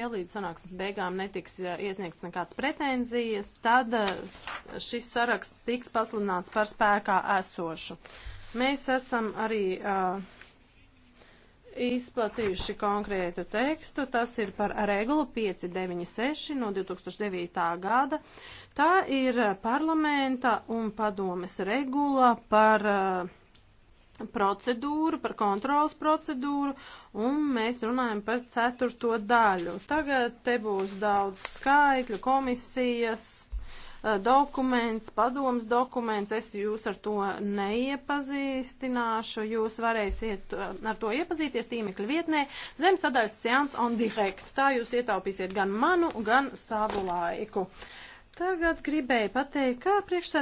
Ja līdz sanāksmes beigām netiks iesniegts nekāds pretenzijas, tad eh, šis saraksts tiks pasludināts par spēkā esošu. Mēs esam arī uh, izplatījuši konkrētu tekstu. Tas ir par regulu 596 no 2009. gada. Tā ir parlamenta un padomes regula par uh, procedūru, par kontrolas procedūru, un mēs runājam par ceturto daļu. Tagad te būs daudz skaitļu, komisijas, eh, dokuments, padoms dokuments, es jūs ar to neiepazīstināšu, jūs varēsiet eh, ar to iepazīties tīmekļa vietnē zem sadaļas seans on direct. Tā jūs ietaupīsiet gan manu, gan savu laiku. Tagad gribēju pateikt, kā priekšsēdētājs.